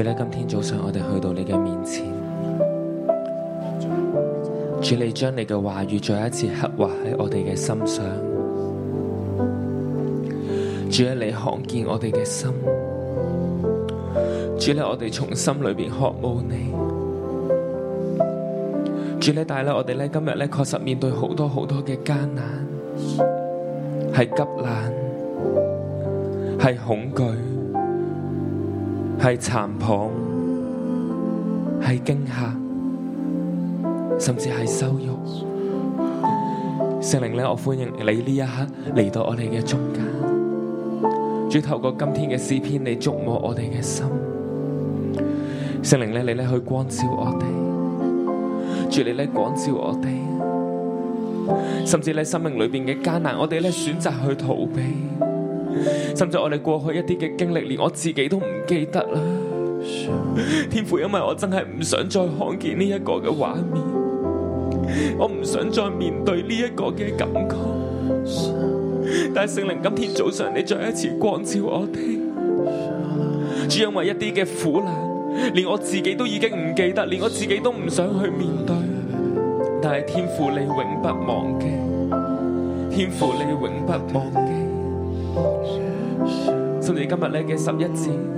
主你，今天早上我哋去到你嘅面前，主你將你嘅話語再一次刻畫喺我哋嘅心上，主咧你看見我哋嘅心，主你我哋從心裏邊渴慕你，主你大咧，我哋咧今日咧確實面對好多好多嘅艱難，係急難，係恐懼。係殘破，係驚嚇，甚至係羞辱。聖靈呢，我歡迎你呢一刻嚟到我哋嘅中間。主透過今天嘅詩篇，你觸摸我哋嘅心。聖靈呢，你呢去光照我哋，主你呢光照我哋。甚至你生命裏邊嘅艱難，我哋咧選擇去逃避。甚至我哋過去一啲嘅經歷，連我自己都唔。記得啦，天父，因為我真係唔想再看見呢一個嘅畫面，我唔想再面對呢一個嘅感覺。但係聖靈，今天早上你再一次光照我聽。只因為一啲嘅苦難，連我自己都已經唔記得，連我自己都唔想去面對。但係天父，你永不忘記，天父你永不忘記。甚至今天你今日你嘅十一節。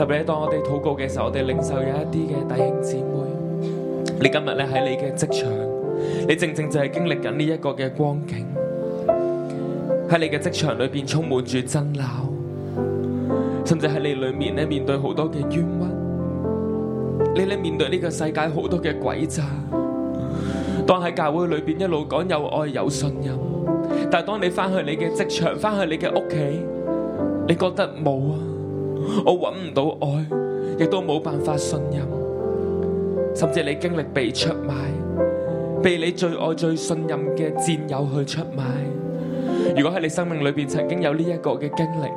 特別當我哋禱告嘅時候，我哋領受有一啲嘅弟兄姊妹。你今日咧喺你嘅職場，你正正就係經歷緊呢一個嘅光景。喺你嘅職場裏邊充滿住爭拗，甚至喺你裏面咧面對好多嘅冤屈，你咧面對呢個世界好多嘅詭詐。當喺教會裏邊一路講有愛有信任，但係當你翻去你嘅職場，翻去你嘅屋企，你覺得冇啊。我揾唔到愛，亦都冇辦法信任，甚至你經歷被出賣，被你最愛最信任嘅戰友去出賣。如果喺你生命裏邊曾經有呢一個嘅經歷，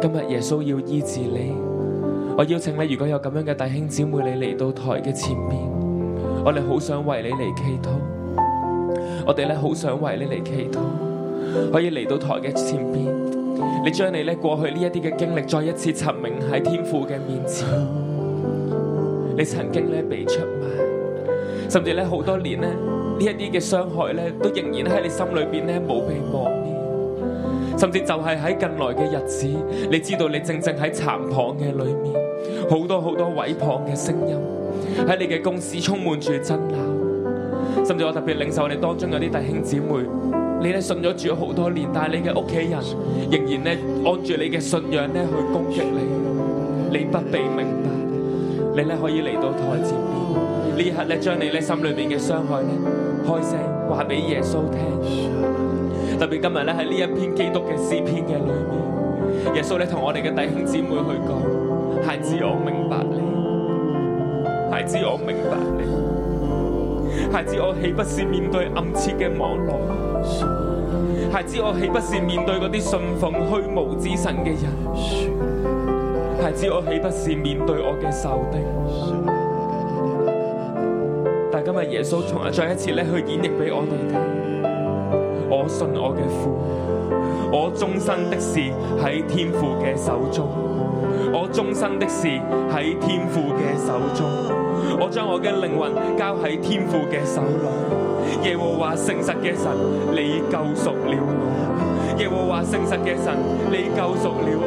今日耶穌要醫治你，我邀請你，如果有咁樣嘅弟兄姊妹，你嚟到台嘅前面，我哋好想為你嚟祈禱，我哋咧好想為你嚟祈禱，可以嚟到台嘅前邊。你將你咧過去呢一啲嘅經歷，再一次陳明喺天父嘅面前。你曾經咧被出賣，甚至咧好多年呢一啲嘅傷害咧，都仍然喺你心裏邊咧冇被磨滅。甚至就係喺近來嘅日子，你知道你正正喺殘破嘅裏面，好多好多毀謗嘅聲音喺你嘅公司充滿住爭拗。甚至我特別領受你當中有啲弟兄姊妹。你咧信咗主好多年，但係你嘅屋企人仍然咧按住你嘅信仰咧去攻擊你，你不被明白。你咧可以嚟到台前邊，呢刻咧將你咧心裏面嘅傷害咧開聲話俾耶穌聽。特別今日咧喺呢一篇基督嘅詩篇嘅裏面，耶穌咧同我哋嘅弟兄姊妹去講：孩子我明白你，孩子我明白你，孩子我豈不是面對暗設嘅網羅？孩子，是知我豈不是面對嗰啲信奉虛無之神嘅人？孩子，我豈不是面對我嘅仇敵？但今日耶穌從日再一次咧去演繹俾我哋聽，我信我嘅父，我終身的事喺天父嘅手中。終生的事喺天父嘅手中，我將我嘅靈魂交喺天父嘅手裏。耶和華誠實嘅神，你救贖了我；耶和華誠實嘅神，你救贖了我。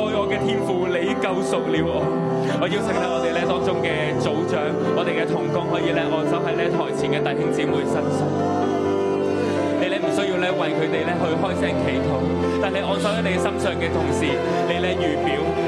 愛我嘅天父，你救贖了我。我邀請咧，我哋咧當中嘅組長，我哋嘅同工可以咧按手喺呢台前嘅弟兄姊妹身上。你咧唔需要咧為佢哋咧去開聲祈禱，但係按手喺你心上嘅同時，你咧預表。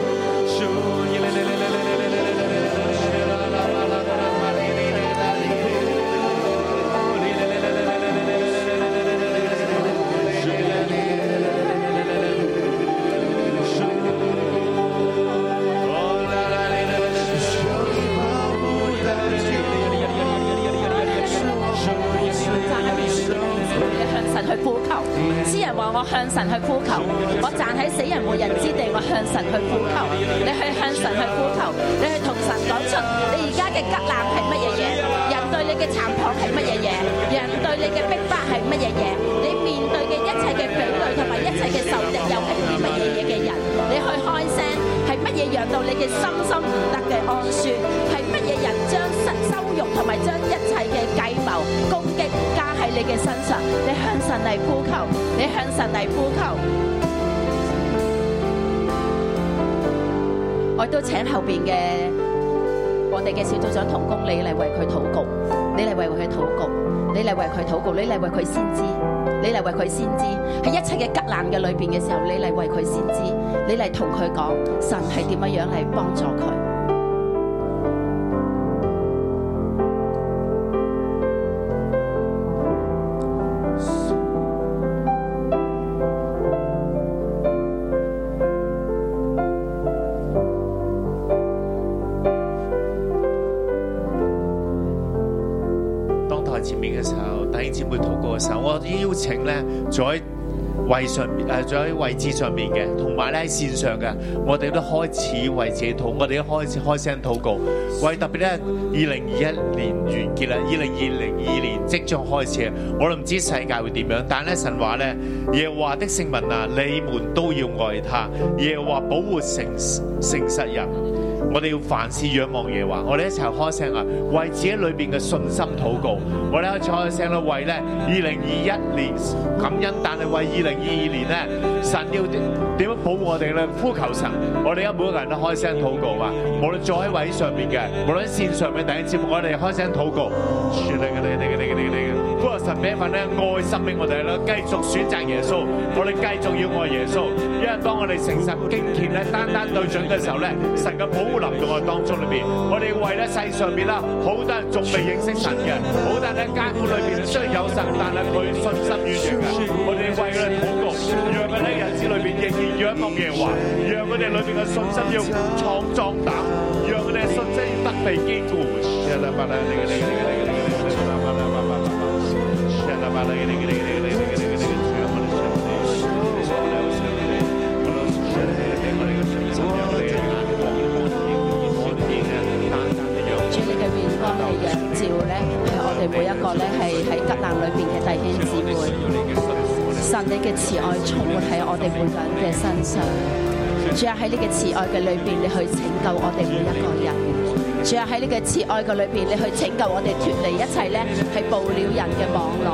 人無人之地，我向神去呼求，你去向神去呼求，你去同神講出你而家嘅急難係乜嘢嘢，人對你嘅殘酷係乜嘢嘢，人對你嘅逼迫係乜嘢嘢，你面對嘅一切嘅匪類同埋一切嘅仇敵又係啲乜嘢嘢嘅人，你去開聲係乜嘢讓到你嘅心心唔得嘅安舒，係乜嘢人將失羞辱同埋將一切嘅計謀攻擊加喺你嘅身上，你向神嚟呼求，你向神嚟呼求。我都請後邊嘅我哋嘅小組長同工你嚟為佢禱告，你嚟為佢禱告，你嚟為佢禱告，你嚟為佢先知，你嚟為佢先知，喺一切嘅急難嘅裏便嘅時候，你嚟為佢先知，你嚟同佢講神係點樣樣嚟幫助佢。請咧坐喺位上誒，坐在位置上面嘅，同埋咧喺線上嘅，我哋都開始為自己禱，同我哋都開始開聲禱告，為特別咧二零二一年完結啦，二零二零二年即將開始，我都唔知世界會點樣，但係咧神話咧，耶華的聖民啊，你們都要愛他，耶華保護成誠實人。我哋要凡事仰望耶和華，我哋一齊開聲啊！為自己裏邊嘅信心禱告，我哋可以再開聲啦，為咧二零二一年感恩年，但係為二零二二年咧。神要點點樣保護我哋咧？呼求神，我哋而家每個人都開聲禱告嘛。無論坐喺位上邊嘅，無論線上面第一節目，我哋開聲禱告。主啊，你嘅你嘅你嘅你嘅你嘅，呼求神俾一份愛心俾我哋啦。繼續選擇耶穌，我哋繼續要愛耶穌。因為當我哋誠實敬虔咧，單單對準嘅時候咧，神嘅保護臨在當中裏邊。我哋為咧世上面啦，好多人仲未認識神嘅，好多人喺街坊裏面雖然有神，但係佢信心軟弱嘅。我哋為咧。講嘢話，讓佢哋裏面嘅信心要創壯膽，讓佢哋信心要得地堅固。神，你嘅慈愛充滿喺我哋每個人嘅身上，主有喺呢個慈愛嘅裏面，你去拯救我哋每一個人。主啊，喺呢個慈愛嘅裏邊，你去拯救我哋脫離一切咧係暴料人嘅網絡。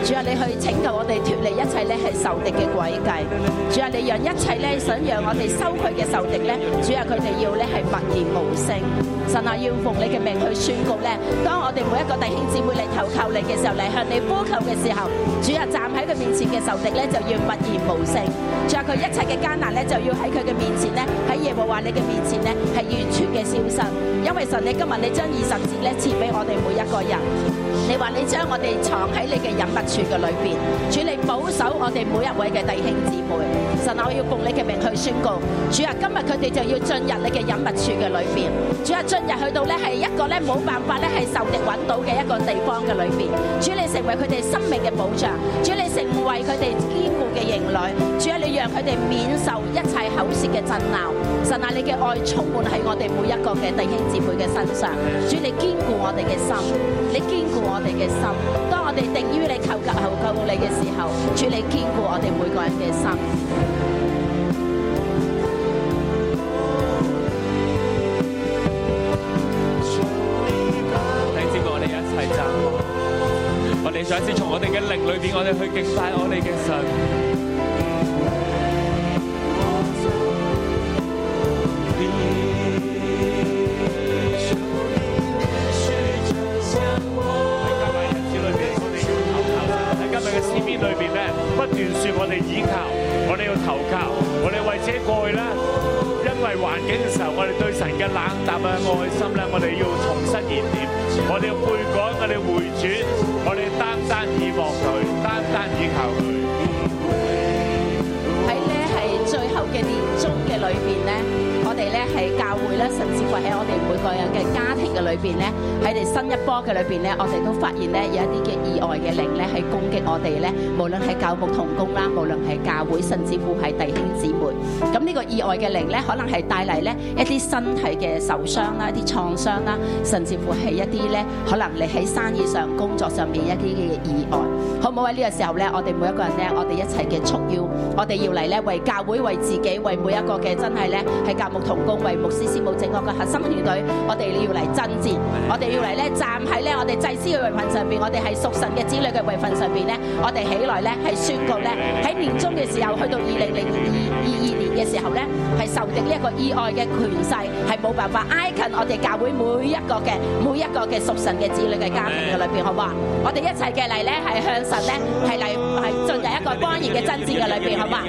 主啊，你去拯救我哋脫離一切咧係仇敵嘅詭計。主啊，你讓一切咧想讓我哋收佢嘅仇敵咧，主啊，佢哋要咧係默然無聲。神啊，要奉你嘅命去宣告咧，當我哋每一個弟兄姊妹嚟投靠你嘅時候，嚟向你呼求嘅時候，主啊，站喺佢面前嘅仇敵咧就要默然無聲。主啊，佢一切嘅艱難咧，就要喺佢嘅面前咧，喺耶和華你嘅面前咧，係完全嘅消失，因為神，你今日你將二十節咧賜俾我哋每一個人，你話你將我哋藏喺你嘅隱密處嘅裏邊，主你保守我哋每一位嘅弟兄姊妹。神啊，我要奉你嘅名去宣告，主啊，今日佢哋就要進入你嘅隱密處嘅裏邊。主啊，進入去到咧係一個咧冇辦法咧係受敵揾到嘅一個地方嘅裏邊。主你成為佢哋生命嘅保障，主你成為佢哋堅固嘅營壘，主啊你。讓佢哋免受一切口舌嘅爭拗，神啊，你嘅愛充滿喺我哋每一個嘅弟兄姊妹嘅身上，主你堅固我哋嘅心，你堅固我哋嘅心，當我哋定於你求救、求救你嘅時候，主你堅固我哋每個人嘅心。第一節，我哋一齊站好，我哋想先從我哋嘅靈裏邊，我哋去敬拜我哋嘅神。斷說，我哋依靠，我哋要投靠，我哋為者過去咧，因為環境嘅時候，我哋對神嘅冷淡啊，愛心咧，我哋要重新燃點，我哋要悔改，我哋回轉，我哋單單倚望佢，單單倚靠佢。喺咧係最後嘅年終嘅裏邊咧，我哋咧係教會咧，甚至乎喺我哋每個人嘅家庭嘅裏邊咧，喺哋新一波嘅裏邊咧，我哋都發現咧有一啲。意外嘅靈咧，係攻擊我哋咧，無論係教牧同工啦，無論係教會，甚至乎係弟兄姊妹。咁呢個意外嘅靈咧，可能係帶嚟咧一啲身體嘅受傷啦，一啲創傷啦，甚至乎係一啲咧，可能你喺生意上、工作上邊一啲嘅意外。好唔好啊？呢個時候咧，我哋每一個人咧，我哋一齊嘅束腰，我哋要嚟咧為教會、為自己、為每一個嘅真係咧係教牧同工、為牧師、師母整個嘅核心團隊，我哋要嚟爭戰，我哋要嚟咧站喺咧我哋祭司嘅位份上邊，我哋係屬神嘅子女嘅位份上邊呢，我哋起來呢係宣告呢，喺年終嘅時候，去到二零零二二二年嘅時候呢，係受敵呢一個意外嘅權勢，係冇辦法挨近我哋教會每一個嘅每一個嘅屬神嘅子女嘅家庭嘅裏邊，好唔好？我哋一齊嘅嚟呢係向神呢，係嚟係進入一個光榮嘅真知嘅裏邊，好唔好啊？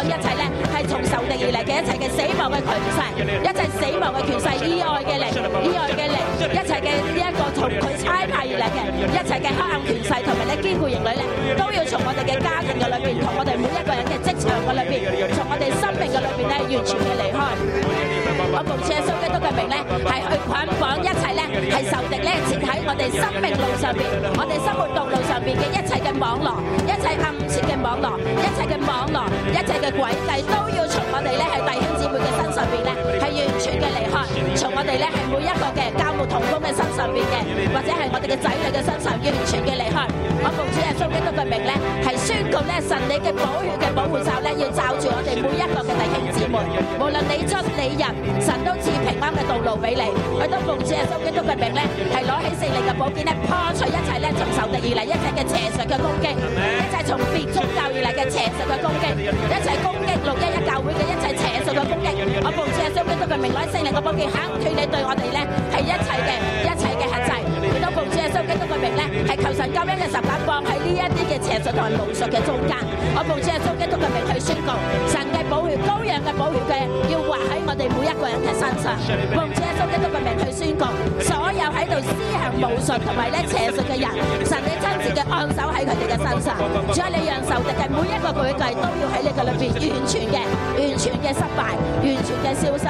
一切咧，係從仇敵而嚟嘅一切嘅死亡嘅權勢，一切死亡嘅權勢，意外嘅力，意外嘅力，一切嘅呢一個從佢差派而嚟嘅一切嘅黑暗權勢，同埋咧堅固營壘咧，都要從我哋嘅家庭嘅裏邊，同我哋每一個人嘅職場嘅裏邊，從我哋生命嘅裏邊咧，完全嘅離開。我奉主耶穌基督嘅名呢，咧，係去捆綁一切，咧，係仇敵咧，設喺我哋生命路上邊，我哋生活道路上邊嘅一切嘅網絡，一切暗設嘅網絡，一切嘅網絡，一切嘅詭計，都要從我哋咧係弟兄姊妹嘅身上邊咧，係完全嘅離開，從我哋咧係每一個嘅教務同工嘅身上邊嘅。係我哋嘅仔女嘅身上完全嘅離開，我奉主耶穌基督嘅名咧，係宣告咧，神你嘅保全嘅保護罩咧，要罩住我哋每一個嘅弟兄姊妹。無論你出你入，神都賜平安嘅道路俾你。我奉主耶穌基督嘅名咧，係攞起聖靈嘅寶劍咧，破除一切咧，從仇敵而嚟，一切嘅邪術嘅攻擊，一切從別宗教而嚟嘅邪術嘅攻擊，一切攻擊六一一教會嘅一切邪術嘅攻擊。我奉主耶穌基督嘅名，攞聖靈嘅寶劍，斬斷你對我哋咧係一切嘅。明咧，係求神今日嘅十板棒喺呢一啲嘅邪術同埋巫術嘅中間，我奉主耶穌基督嘅名去宣告，神嘅。寶血羔羊嘅寶血嘅，要畫喺我哋每一個人嘅身上。奉主耶穌基督嘅名去宣告，所有喺度施行巫術同埋咧邪術嘅人，神你親自嘅按手喺佢哋嘅身上。只要你讓受敵嘅每一個詭計都要喺呢個裏邊完全嘅、完全嘅失敗、完全嘅消失。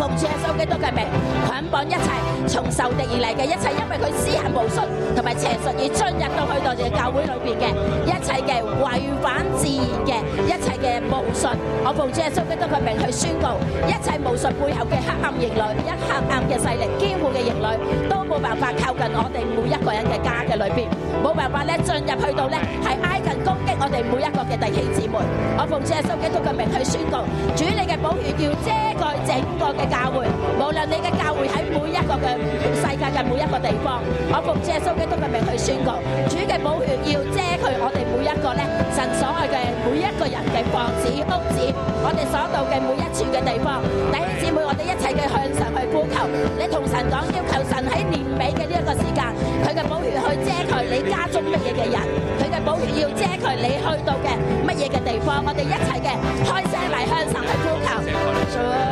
奉主耶穌基督嘅名捆綁一切從受敵而嚟嘅一切，因為佢施行巫術同埋邪術，而進入到去我哋嘅教會裏邊嘅一切嘅違反自然嘅一切嘅巫術。我奉主耶穌基督嘅名去宣告，一切巫術背後嘅黑暗勢力、一黑暗嘅勢力、奸惡嘅勢力，都冇辦法靠近我哋每一個人嘅家嘅裏邊，冇辦法咧進入去到咧，係挨近攻擊我哋每一個嘅弟兄姊妹。我奉主耶穌基督嘅名去宣告，主你嘅寶血要遮蓋整個嘅教會，無論你嘅教會喺每一個嘅世界嘅每一個地方，我奉主耶穌基督嘅名去宣告，主嘅寶血要遮蓋我哋每一個咧神所愛嘅每一個人嘅房子、屋子。我哋所到嘅每一處嘅地方，弟兄姊妹，我哋一齊嘅向神去呼求，你同神講，要求神喺年尾嘅呢一個時間，佢嘅寶血去遮蓋你家中乜嘢嘅人，佢嘅寶血要遮蓋你去到嘅乜嘢嘅地方，我哋一齊嘅開聲嚟向神去呼求。